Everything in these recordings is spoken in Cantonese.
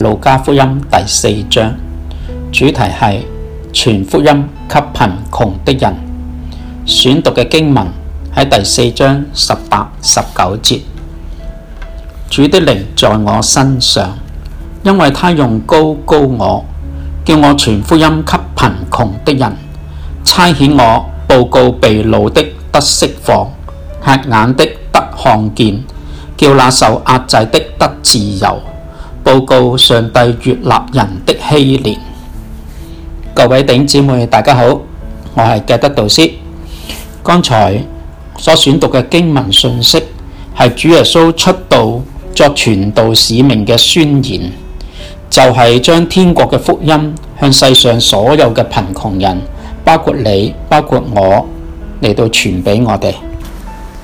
路加福音第四章主題係傳福音給貧窮的人。選讀嘅經文喺第四章十八、十九節。主的靈在我身上，因為他用高高我，叫我傳福音給貧窮的人，差遣我報告被擄的得釋放，瞎眼的得看見，叫那受壓制的得自由。報告上帝悅納人的禧年。各位頂姊妹，大家好，我係杰德導師。剛才所選讀嘅經文信息，係主耶穌出道作傳道使命嘅宣言，就係將天國嘅福音向世上所有嘅貧窮人，包括你，包括我，嚟到傳俾我哋。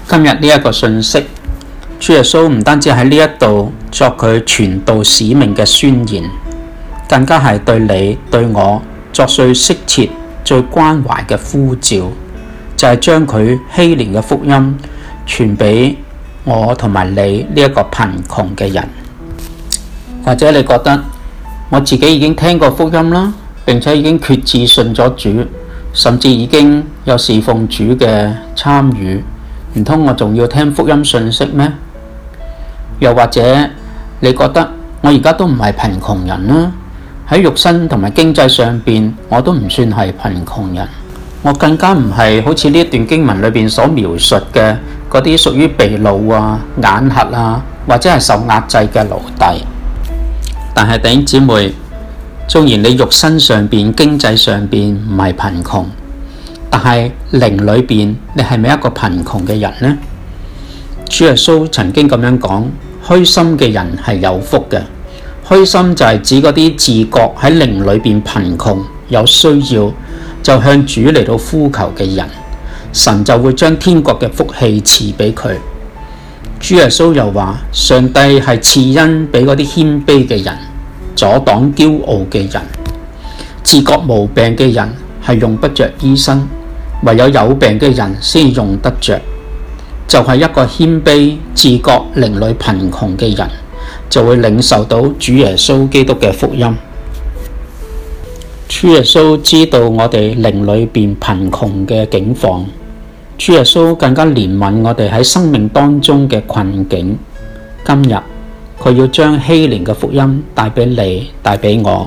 今日呢一個信息，主耶穌唔單止喺呢一度。作佢傳道使命嘅宣言，更加係對你對我作最深切、最關懷嘅呼召，就係、是、將佢欺凌嘅福音傳俾我同埋你呢一、這個貧窮嘅人。或者你覺得我自己已經聽過福音啦，並且已經決志信咗主，甚至已經有侍奉主嘅參與，唔通我仲要聽福音信息咩？又或者？你覺得我而家都唔係貧窮人啦，喺肉身同埋經濟上邊我都唔算係貧窮人，我更加唔係好似呢一段經文裏邊所描述嘅嗰啲屬於被擄啊、眼瞎啊或者係受壓制嘅奴隸。但係弟兄姊妹，雖然你肉身上邊、經濟上邊唔係貧窮，但係靈裏邊你係咪一個貧窮嘅人呢？主耶穌曾經咁樣講。虛心嘅人係有福嘅。虛心就係指嗰啲自覺喺靈裏邊貧窮有需要，就向主嚟到呼求嘅人，神就會將天國嘅福氣賜俾佢。主耶穌又話：上帝係賜恩俾嗰啲謙卑嘅人，阻擋驕傲嘅人，自覺無病嘅人係用不着醫生，唯有有病嘅人先用得着。就係一個謙卑、自覺靈裡貧窮嘅人，就會領受到主耶穌基督嘅福音。主耶穌知道我哋靈裡邊貧窮嘅境況，主耶穌更加憐憫我哋喺生命當中嘅困境。今日佢要將希憐嘅福音帶俾你，帶俾我。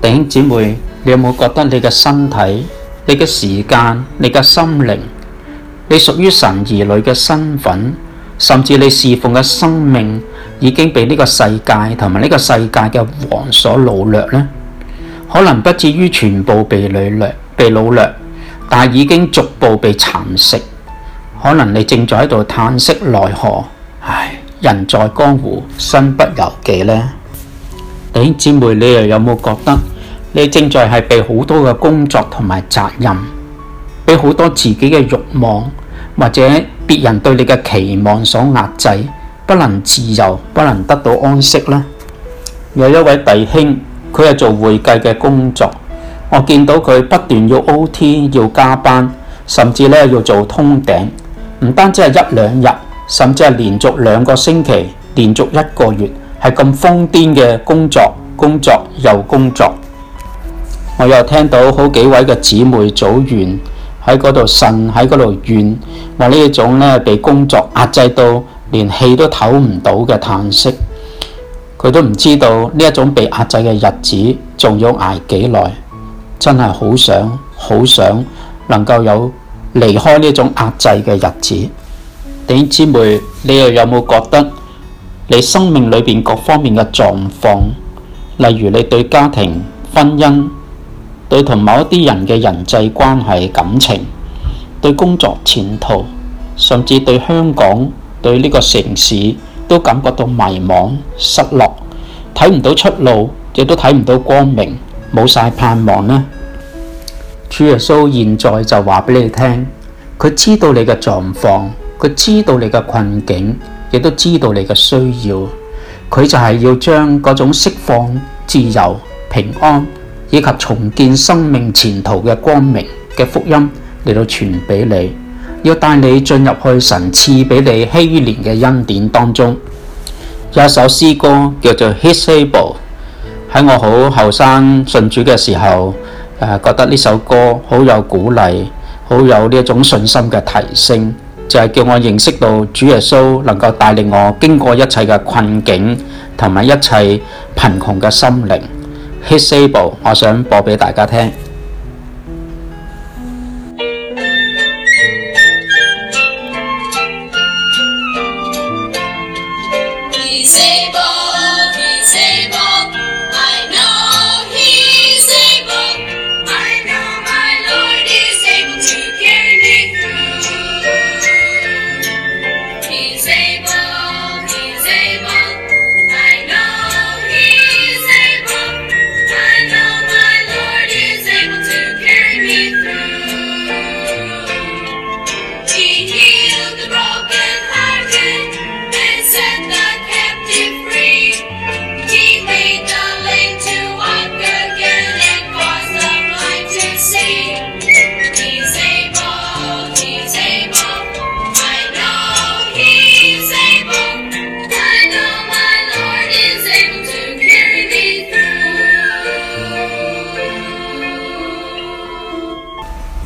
弟兄姊妹，你有冇覺得你嘅身體、你嘅時間、你嘅心靈？你屬於神兒女嘅身份，甚至你侍奉嘅生命，已經被呢個世界同埋呢個世界嘅王所擄掠呢。可能不至於全部被擄掠，被擄掠，但已經逐步被蠶食。可能你正在喺度嘆息奈何，唉，人在江湖，身不由己呢。弟兄姊妹，你又有冇覺得你正在係被好多嘅工作同埋責任？俾好多自己嘅慾望，或者別人對你嘅期望所壓制，不能自由，不能得到安息啦。有一位弟兄，佢係做會計嘅工作，我見到佢不斷要 OT 要加班，甚至咧要做通頂，唔單止係一兩日，甚至係連續兩個星期、連續一個月係咁瘋癲嘅工作，工作又工作。我又聽到好幾位嘅姊妹組員，喺嗰度呻，喺嗰度怨，或呢一種咧被工作壓制到連氣都唞唔到嘅嘆息，佢都唔知道呢一種被壓制嘅日子仲要挨幾耐，真係好想好想能夠有離開呢種壓制嘅日子。弟兄姊妹，你又有冇覺得你生命裏邊各方面嘅狀況，例如你對家庭、婚姻，對同某一啲人嘅人際關係、感情，對工作前途，甚至對香港、對呢個城市，都感覺到迷茫、失落，睇唔到出路，亦都睇唔到光明，冇晒盼望咧、啊。主耶穌現在就話俾你聽，佢知道你嘅狀況，佢知道你嘅困境，亦都知道你嘅需要，佢就係要將嗰種釋放、自由、平安，以及重建生命前途嘅光明嘅福音嚟到傳俾你，要帶你進入去神賜俾你禧年嘅恩典當中。有一首詩歌叫做《His Table》，喺我好後生信主嘅時候，誒覺得呢首歌好有鼓勵，好有呢一種信心嘅提升，就係叫我認識到主耶穌能夠帶領我經過一切嘅困境同埋一切貧窮嘅心靈。hit 四部，able，我想播俾大家聽。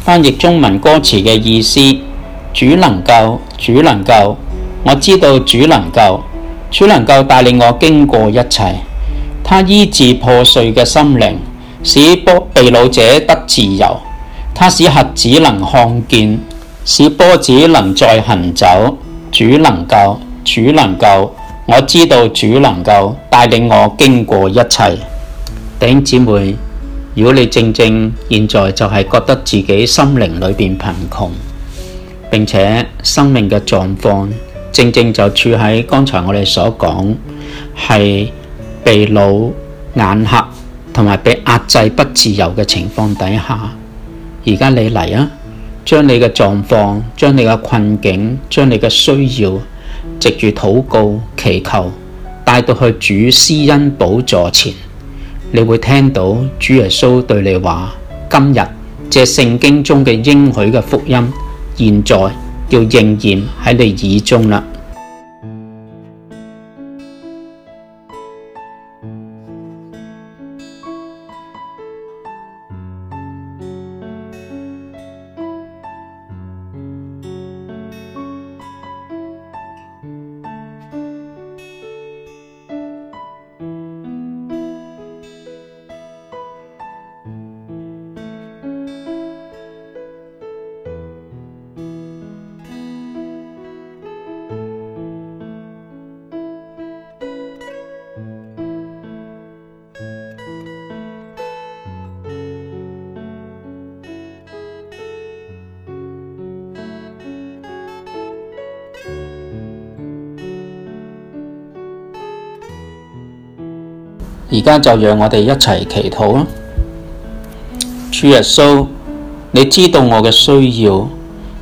翻譯中文歌詞嘅意思，主能夠，主能夠，我知道主能夠，主能夠帶領我經過一切。他醫治破碎嘅心靈，使被擄者得自由。他使瞎子能看見，使跛子能再行走。主能夠，主能夠，我知道主能夠帶領我經過一切。弟兄姊妹。如果你正正現在就係覺得自己心靈裏邊貧窮，並且生命嘅狀況正正就處喺剛才我哋所講係被老眼黑同埋被壓制不自由嘅情況底下，而家你嚟啊，將你嘅狀況、將你嘅困境、將你嘅需要，藉住禱告祈求，帶到去主施恩寶座前。你會聽到主耶穌對你話：今日，這聖經中嘅應許嘅福音，現在要應驗喺你耳中啦。而家就讓我哋一齊祈禱啦！主耶穌，你知道我嘅需要，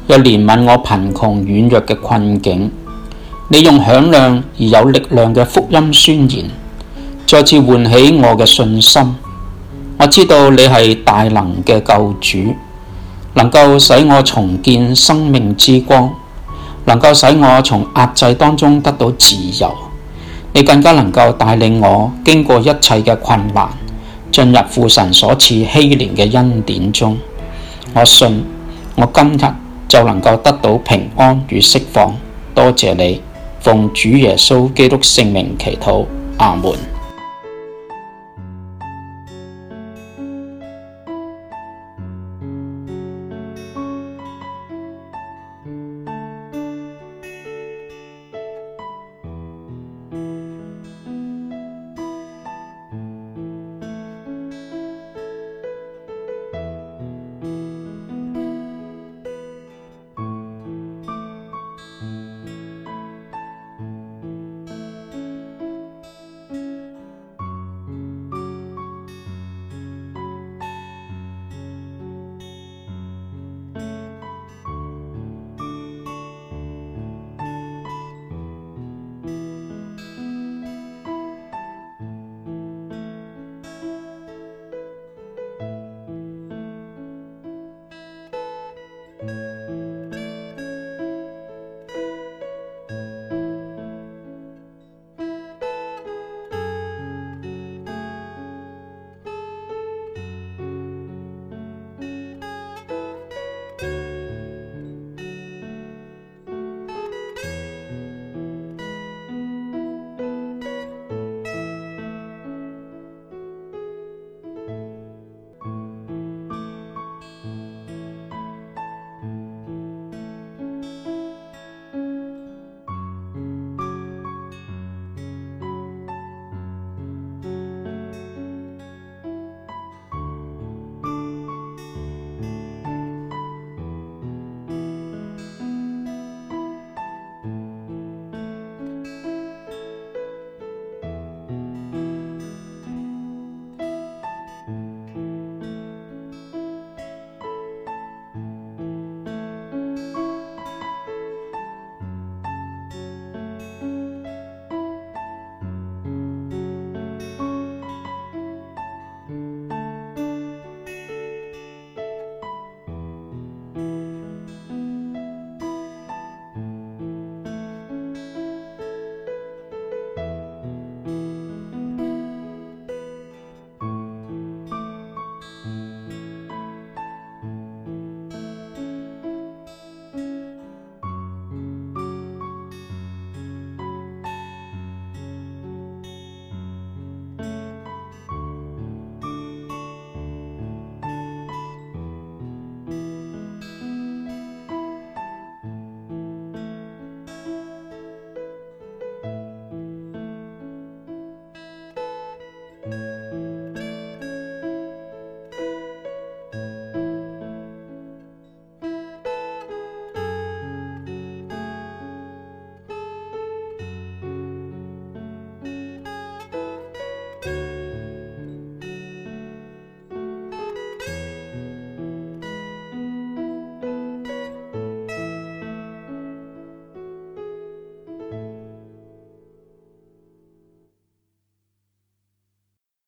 又憐憫我貧窮軟弱嘅困境。你用響亮而有力量嘅福音宣言，再次喚起我嘅信心。我知道你係大能嘅救主，能夠使我重建生命之光，能夠使我從壓制當中得到自由。你更加能夠帶領我經過一切嘅困難，進入父神所賜禧年嘅恩典中。我信我今日就能夠得到平安與釋放。多謝你，奉主耶穌基督聖名祈禱，阿門。